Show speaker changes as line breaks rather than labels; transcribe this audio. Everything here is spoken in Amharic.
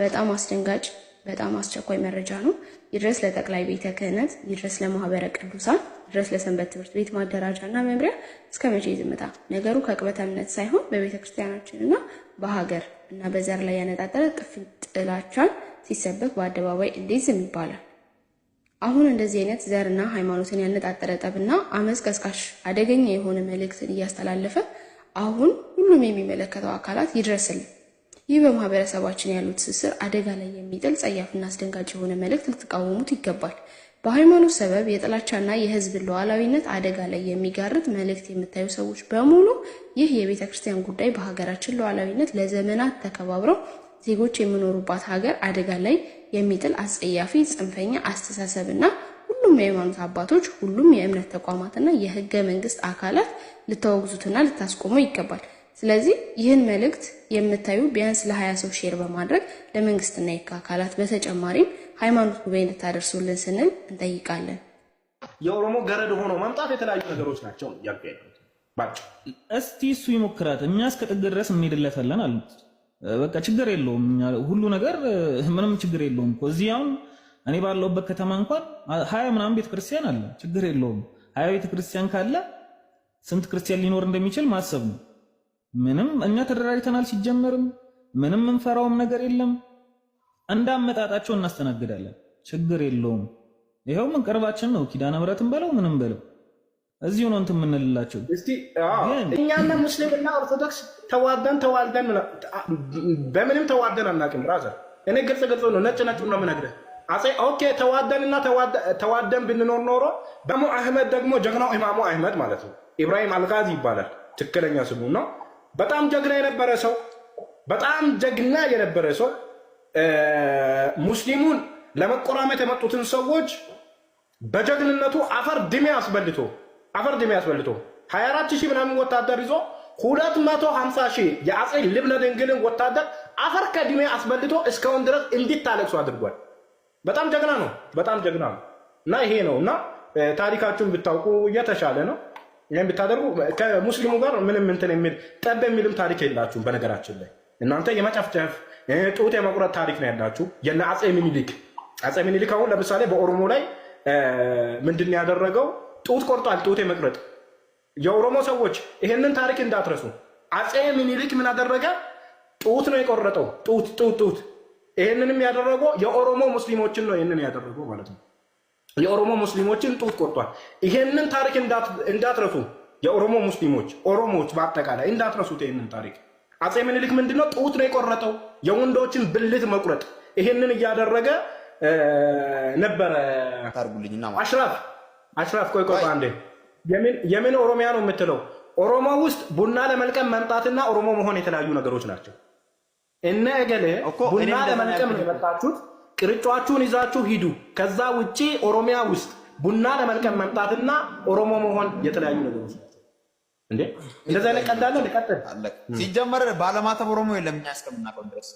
በጣም አስደንጋጭ በጣም አስቸኳይ መረጃ ነው። ይድረስ ለጠቅላይ ቤተ ክህነት፣ ይድረስ ለማህበረ ቅዱሳን፣ ይድረስ ለሰንበት ትምህርት ቤት ማደራጃ እና መምሪያ። እስከ መቼ ዝምታ? ነገሩ ከቅበተ እምነት ሳይሆን በቤተ ክርስቲያናችንና በሀገር እና በዘር ላይ ያነጣጠረ ጥፍን ጥላቻን ሲሰበክ በአደባባይ እንዴት ዝም ይባላል? አሁን እንደዚህ አይነት ዘርና ሃይማኖትን ያነጣጠረ ጠብና አመፅ ቀስቃሽ አደገኛ የሆነ መልእክትን እያስተላለፈ አሁን ሁሉም የሚመለከተው አካላት ይድረስልን ይህ በማህበረሰባችን ያሉ ትስስር አደጋ ላይ የሚጥል ጸያፍና አስደንጋጭ የሆነ መልእክት ልትቃወሙት ይገባል። በሃይማኖት ሰበብ የጥላቻና የህዝብ ሉዓላዊነት አደጋ ላይ የሚጋርጥ መልእክት የምታዩ ሰዎች በሙሉ ይህ የቤተ ክርስቲያን ጉዳይ በሀገራችን ሉዓላዊነት ለዘመናት ተከባብረው ዜጎች የሚኖሩባት ሀገር አደጋ ላይ የሚጥል አስጸያፊ ጽንፈኛ አስተሳሰብና ሁሉም የሃይማኖት አባቶች፣ ሁሉም የእምነት ተቋማትና የህገ መንግስት አካላት ልታወግዙትና ልታስቆመው ይገባል። ስለዚህ ይህን መልእክት የምታዩ ቢያንስ ለሀያ ሰው ሼር በማድረግ ለመንግስትና የካ አካላት በተጨማሪም ሃይማኖት ጉባኤ እንድታደርሱልን ስንል እንጠይቃለን።
የኦሮሞ ገረድ ሆኖ መምጣት የተለያዩ ነገሮች ናቸው እስቲ እሱ ይሞክራት እኛ እስከ ጥግ ድረስ እንሄድለታለን አሉት። በቃ ችግር የለውም ሁሉ ነገር ምንም ችግር የለውም እኮ እዚህ አሁን እኔ ባለውበት ከተማ እንኳን ሀያ ምናምን ቤተክርስቲያን አለ። ችግር የለውም ሀያ ቤተክርስቲያን ካለ ስንት ክርስቲያን ሊኖር እንደሚችል ማሰብ ነው። ምንም እኛ ተደራጅተናል። ሲጀመርም ምንም እንፈራውም ነገር የለም። እንዳመጣጣቸው እናስተናግዳለን። ችግር የለውም። ይኸው ምን ቅርባችን ነው። ኪዳነ ምሕረትን በለው ምንም በለው እዚሁ ነው እንትን የምንልላቸው።
እኛና ሙስሊምና ኦርቶዶክስ ተዋደን ተዋልደን በምንም ተዋደን አናውቅም። ራዘ እኔ ግልጽ ግልጽ ነው፣ ነጭ ነጭ ነው የምነግርህ። ኦኬ ተዋደንና ተዋደን ብንኖር ኖሮ በሙ አህመድ ደግሞ ጀግናው ኢማሙ አህመድ ማለት ነው፣ ኢብራሂም አልጋዚ ይባላል ትክክለኛ ስሙ ነው በጣም ጀግና የነበረ ሰው በጣም ጀግና የነበረ ሰው ሙስሊሙን ለመቆራመት የመጡትን ሰዎች በጀግንነቱ አፈር ድሜ አስበልቶ አፈር ድሜ አስበልቶ 24 ሺህ ምናምን ወታደር ይዞ 250 ሺህ የአጼ ልብነ ድንግልን ወታደር አፈር ከድሜ አስበልቶ እስካሁን ድረስ እንዲታለቅሱ አድርጓል። በጣም ጀግና ነው። በጣም ጀግና ነው እና ይሄ ነው እና ታሪካችሁን ብታውቁ የተሻለ ነው። ይህን ብታደርጉ ከሙስሊሙ ጋር ምንም እንትን የሚል ጠብ የሚልም ታሪክ የላችሁም። በነገራችን ላይ እናንተ የመጨፍጨፍ ጡት የመቁረጥ ታሪክ ነው ያላችሁ። የነ አጼ ሚኒሊክ አጼ ሚኒሊክ አሁን ለምሳሌ በኦሮሞ ላይ ምንድን ያደረገው ጡት ቆርጧል፣ ጡት የመቁረጥ የኦሮሞ ሰዎች ይህንን ታሪክ እንዳትረሱ። አጼ ሚኒሊክ ምን አደረገ? ጡት ነው የቆረጠው። ጡት ጡት ጡት። ይህንንም ያደረገው የኦሮሞ ሙስሊሞችን ነው ይህንን ያደረገው ማለት ነው። የኦሮሞ ሙስሊሞችን ጡት ቆርጧል። ይሄንን ታሪክ እንዳትረሱ የኦሮሞ ሙስሊሞች ኦሮሞዎች በአጠቃላይ እንዳትረሱት ይህንን ታሪክ። አጼ ምኒልክ ምንድነው ጡት ነው የቆረጠው፣ የወንዶችን ብልት መቁረጥ። ይሄንን እያደረገ ነበረ። አሽራፍ አሽራፍ፣ ቆይ ቆይ አንዴ፣ የምን ኦሮሚያ ነው የምትለው? ኦሮሞ ውስጥ ቡና ለመልቀም መምጣትና ኦሮሞ መሆን የተለያዩ ነገሮች ናቸው። እነ እገሌ ቡና ለመልቀም ነው የመጣችሁት ቅርጫችሁን ይዛችሁ ሂዱ። ከዛ ውጪ ኦሮሚያ ውስጥ ቡና ለመልቀም መምጣትና ኦሮሞ መሆን የተለያዩ ነገሮች እንዴ እንደዚህ አይነት ቀዳለ ሲጀመር ባለማተብ ኦሮሞ የለም እኛ እስከምናውቀው ድረስ